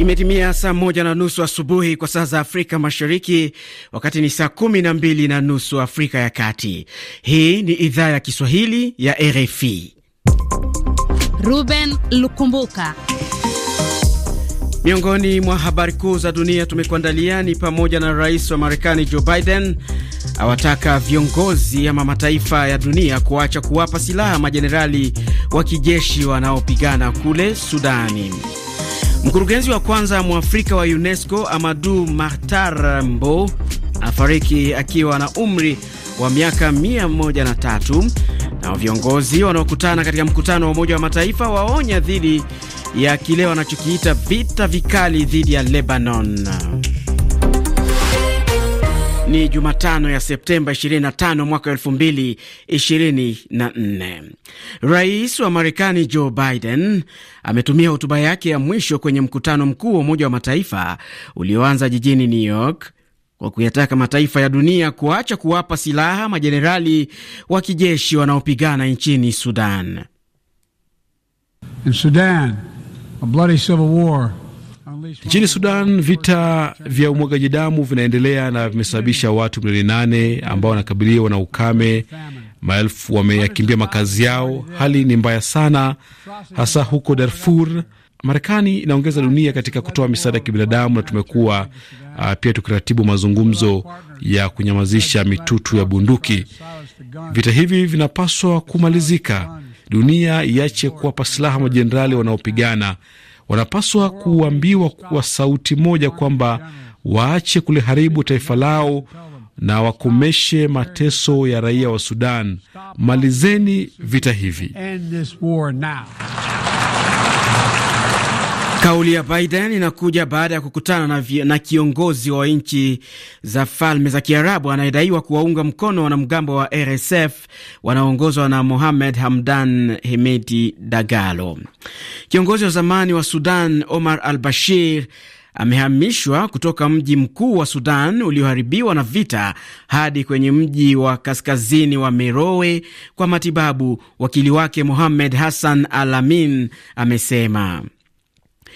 Imetimia saa moja na nusu asubuhi kwa saa za Afrika Mashariki, wakati ni saa kumi na mbili na nusu Afrika ya Kati. Hii ni idhaa ya Kiswahili ya RFI. Ruben Lukumbuka. Miongoni mwa habari kuu za dunia tumekuandalia ni pamoja na rais wa Marekani Joe Biden awataka viongozi ama mataifa ya dunia kuacha kuwapa silaha majenerali wa kijeshi wanaopigana kule Sudani. Mkurugenzi wa kwanza mwafrika wa UNESCO Amadu martar Mbo afariki akiwa na umri wa miaka 103 na viongozi wanaokutana katika mkutano wa Umoja wa Mataifa waonya dhidi ya kile wanachokiita vita vikali dhidi ya Lebanon. Ni Jumatano ya Septemba 25 mwaka 2024. Rais wa Marekani Joe Biden ametumia hotuba yake ya mwisho kwenye mkutano mkuu wa Umoja wa Mataifa ulioanza jijini New York kwa kuyataka mataifa ya dunia kuacha kuwapa silaha majenerali wa kijeshi wanaopigana nchini Sudan. In Sudan, a bloody civil war Nchini Sudan, vita vya umwagaji damu vinaendelea na vimesababisha watu milioni nane ambao wanakabiliwa na ukame. Maelfu wameyakimbia makazi yao. Hali ni mbaya sana, hasa huko Darfur. Marekani inaongeza dunia katika kutoa misaada ya kibinadamu na tumekuwa uh, pia tukiratibu mazungumzo ya kunyamazisha mitutu ya bunduki. Vita hivi vinapaswa kumalizika, dunia iache kuwapa silaha majenerali wanaopigana wanapaswa kuambiwa kwa sauti moja kwamba waache kuliharibu taifa lao na wakomeshe mateso ya raia wa Sudan. Malizeni vita hivi. Kauli ya Biden inakuja baada ya kukutana na, vya, na kiongozi wa nchi za Falme za Kiarabu anayedaiwa kuwaunga mkono wanamgambo wa RSF wanaoongozwa na Mohamed Hamdan Hemedi Dagalo. Kiongozi wa zamani wa Sudan Omar al Bashir amehamishwa kutoka mji mkuu wa Sudan ulioharibiwa na vita hadi kwenye mji wa kaskazini wa Merowe kwa matibabu, wakili wake Mohamed Hassan Al Amin amesema.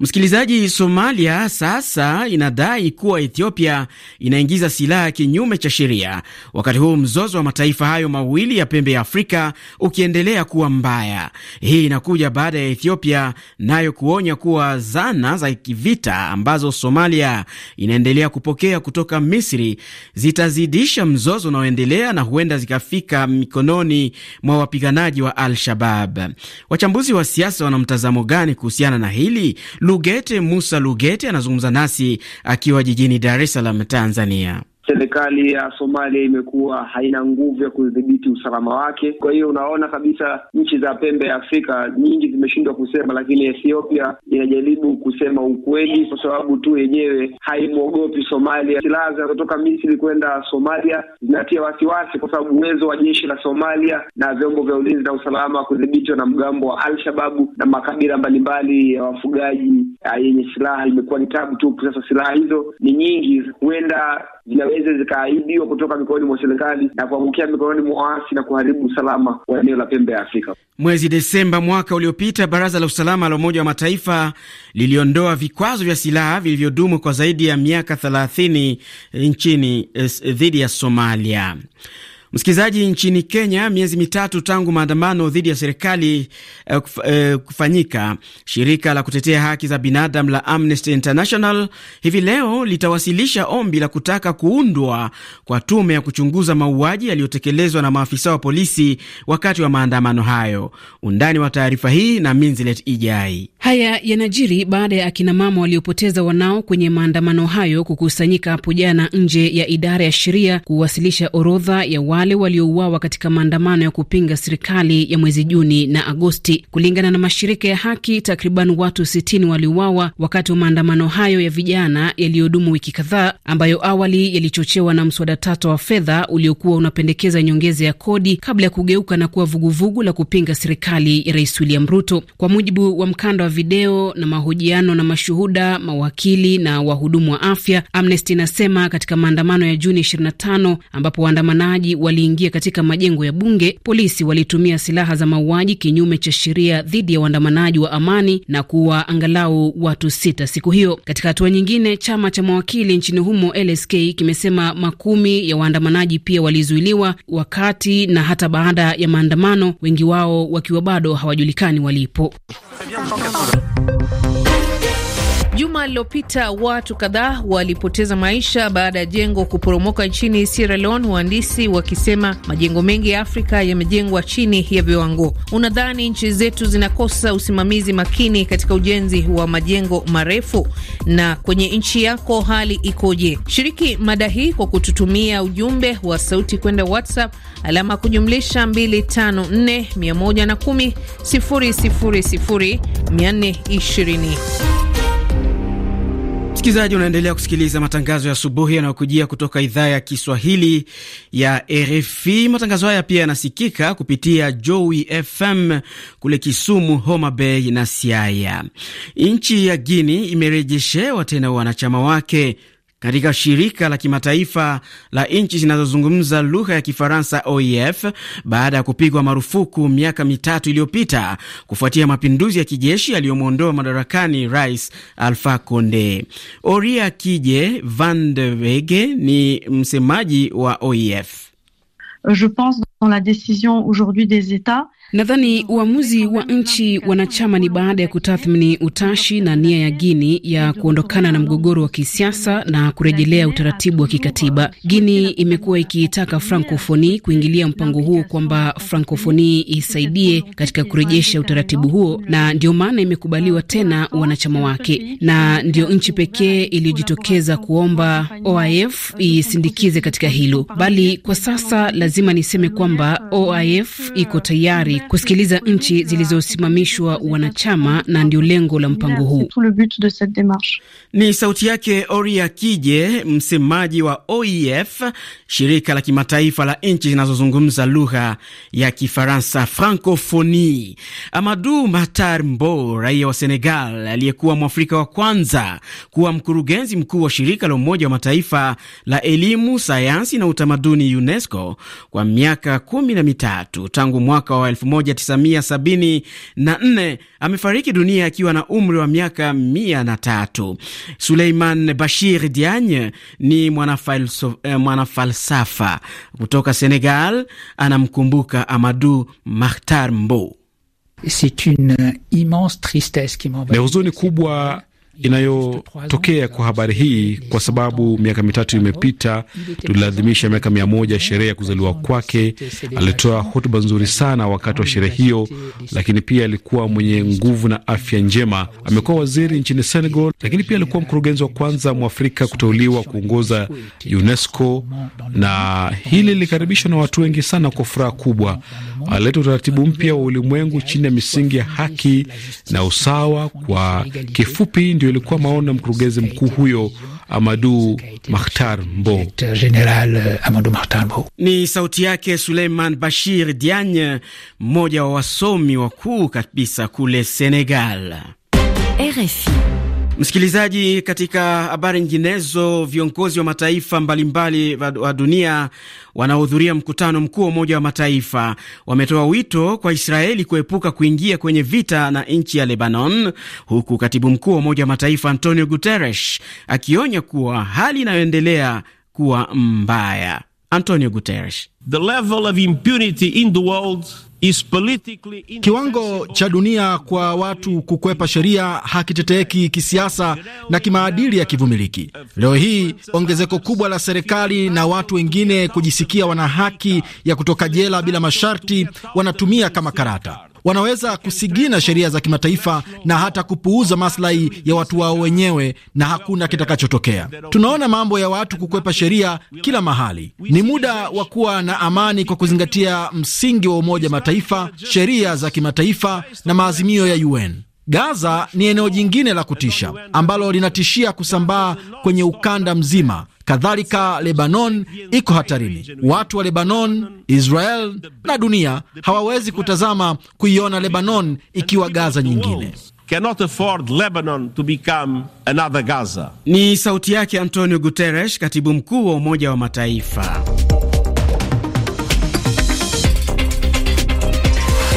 Msikilizaji, Somalia sasa inadai kuwa Ethiopia inaingiza silaha kinyume cha sheria, wakati huu mzozo wa mataifa hayo mawili ya pembe ya Afrika ukiendelea kuwa mbaya. Hii inakuja baada ya Ethiopia nayo kuonya kuwa zana za kivita ambazo Somalia inaendelea kupokea kutoka Misri zitazidisha mzozo unaoendelea na huenda zikafika mikononi mwa wapiganaji wa Al-Shabab. Wachambuzi wa siasa wana mtazamo gani kuhusiana na hili? Lugete Musa Lugete anazungumza nasi akiwa jijini Dar es Salaam, Tanzania serikali ya Somalia imekuwa haina nguvu ya kudhibiti usalama wake. Kwa hiyo unaona kabisa nchi za pembe ya Afrika nyingi zimeshindwa kusema, lakini Ethiopia inajaribu kusema ukweli kwa sababu tu yenyewe haimwogopi Somalia. Silaha zinazotoka Misri kwenda Somalia zinatia wasiwasi kwa sababu uwezo wa jeshi la Somalia na vyombo vya ulinzi na usalama kudhibitiwa na mgambo wa Alshababu na makabila mbalimbali ya wafugaji ah, yenye silaha imekuwa ni tabu tu. Sasa silaha hizo ni nyingi, huenda zinaweza hizo zikaaidiwa kutoka mikononi mwa serikali na kuangukia mikononi mwa waasi na kuharibu usalama wa eneo la pembe ya Afrika. Mwezi Desemba mwaka uliopita, baraza la usalama la Umoja wa Mataifa liliondoa vikwazo vya silaha vilivyodumu kwa zaidi ya miaka 30 nchini eh, dhidi ya Somalia. Msikilizaji, nchini Kenya, miezi mitatu tangu maandamano dhidi ya serikali eh, kuf, eh, kufanyika, shirika la kutetea haki za binadamu la Amnesty International hivi leo litawasilisha ombi la kutaka kuundwa kwa tume ya kuchunguza mauaji yaliyotekelezwa na maafisa wa polisi wakati wa maandamano hayo. Undani wa taarifa hii na Minzilet Ijai. Haya yanajiri baada ya akinamama waliopoteza wanao kwenye maandamano hayo kukusanyika hapo jana nje ya idara ya sheria kuwasilisha orodha ya wale waliouawa katika maandamano ya kupinga serikali ya mwezi Juni na Agosti. Kulingana na mashirika ya haki, takriban watu 60 waliuawa wakati wa maandamano hayo ya vijana yaliyodumu wiki kadhaa, ambayo awali yalichochewa na mswada tata wa fedha uliokuwa unapendekeza nyongeza ya kodi kabla ya kugeuka na kuwa vuguvugu la kupinga serikali ya Rais William Ruto. Kwa mujibu wa mkanda wa video na mahojiano na mashuhuda, mawakili na wahudumu wa afya, Amnesty inasema katika maandamano ya Juni 25 ambapo waandamanaji wa waliingia katika majengo ya bunge, polisi walitumia silaha za mauaji kinyume cha sheria dhidi ya waandamanaji wa amani na kuwa angalau watu sita siku hiyo. Katika hatua nyingine, chama cha mawakili nchini humo LSK kimesema makumi ya waandamanaji pia walizuiliwa wakati na hata baada ya maandamano, wengi wao wakiwa bado hawajulikani walipo. Juma lililopita watu kadhaa walipoteza maisha baada ya jengo kuporomoka nchini Sierra Leone, wahandisi wakisema majengo mengi ya Afrika yamejengwa chini ya viwango. Unadhani nchi zetu zinakosa usimamizi makini katika ujenzi wa majengo marefu? Na kwenye nchi yako hali ikoje? Shiriki mada hii kwa kututumia ujumbe wa sauti kwenda WhatsApp alama kujumlisha 254 110 000 420. Msikilizaji, unaendelea kusikiliza matangazo ya asubuhi yanayokujia kutoka idhaa ya Kiswahili ya RFI. Matangazo haya pia yanasikika kupitia Joy FM kule Kisumu, Homa Bay na Siaya. Nchi ya Guini imerejeshewa tena wanachama wake katika shirika la kimataifa la nchi zinazozungumza lugha ya Kifaransa, OIF, e baada ya kupigwa marufuku miaka mitatu iliyopita kufuatia mapinduzi ya kijeshi yaliyomwondoa madarakani Rais Alpha Conde. Oria Kije van de Wege ni msemaji wa OIF. E Je pense dans la aujourd'hui des Nadhani uamuzi wa nchi wanachama ni baada ya kutathmini utashi na nia ya Gini ya kuondokana na mgogoro wa kisiasa na kurejelea utaratibu wa kikatiba. Gini imekuwa ikiitaka Frankofoni kuingilia mpango huo kwamba Frankofoni isaidie katika kurejesha utaratibu huo, na ndio maana imekubaliwa tena wanachama wake, na ndio nchi pekee iliyojitokeza kuomba OIF isindikize katika hilo, bali kwa sasa lazima niseme kwamba OIF iko tayari kusikiliza nchi zilizosimamishwa wanachama, na ndio lengo la mpango huu. Ni sauti yake Oria Kije, msemaji wa OIF, shirika la kimataifa la nchi zinazozungumza lugha ya Kifaransa, Francofoni. amadu Matar Mbo, raia wa Senegal aliyekuwa Mwafrika wa kwanza kuwa mkurugenzi mkuu wa shirika la Umoja wa Mataifa la elimu, sayansi na utamaduni UNESCO kwa miaka kumi na mitatu tangu mwaka wa elfu 1974 amefariki dunia akiwa na umri wa miaka 103. Suleiman Bashir Diagne ni eh, mwanafalsafa kutoka Senegal, anamkumbuka Amadou Mahtar Mbo. Ni huzuni kubwa inayotokea kwa habari hii, kwa sababu miaka mitatu imepita, tuliadhimisha miaka mia moja sherehe ya kuzaliwa kwake. Alitoa hotuba nzuri sana wakati wa sherehe hiyo, lakini pia alikuwa mwenye nguvu na afya njema. Amekuwa waziri nchini Senegal, lakini pia alikuwa mkurugenzi wa kwanza mwafrika kuteuliwa kuongoza UNESCO, na hili lilikaribishwa na watu wengi sana kwa furaha kubwa. Alileta utaratibu mpya wa ulimwengu chini ya misingi ya haki na usawa. Kwa kifupi ndio ilikuwa maona mkurugenzi mkuu huyo Amadu Mahtar eh, Mbo. Ni sauti yake Suleiman Bashir Diagne, mmoja wa wasomi wakuu kabisa kule Senegal. RFI. Msikilizaji, katika habari nyinginezo, viongozi wa mataifa mbalimbali wa dunia wanaohudhuria mkutano mkuu wa Umoja wa Mataifa wametoa wito kwa Israeli kuepuka kuingia kwenye vita na nchi ya Lebanon, huku katibu mkuu wa Umoja wa Mataifa Antonio Guterres akionya kuwa hali inayoendelea kuwa mbaya. Antonio Guterres: The level of impunity in the world Kiwango cha dunia kwa watu kukwepa sheria hakiteteeki kisiasa na kimaadili ya kivumiliki Leo hii ongezeko kubwa la serikali na watu wengine kujisikia wana haki ya kutoka jela bila masharti wanatumia kama karata wanaweza kusigina sheria za kimataifa na hata kupuuza maslahi ya watu wao wenyewe, na hakuna kitakachotokea. Tunaona mambo ya watu kukwepa sheria kila mahali. Ni muda wa kuwa na amani kwa kuzingatia msingi wa Umoja Mataifa, sheria za kimataifa na maazimio ya UN. Gaza ni eneo jingine la kutisha ambalo linatishia kusambaa kwenye ukanda mzima Kadhalika, Lebanon iko hatarini. Watu wa Lebanon, Israel na dunia hawawezi kutazama kuiona Lebanon ikiwa Gaza nyingine. Ni sauti yake Antonio Guterres, katibu mkuu wa Umoja wa Mataifa.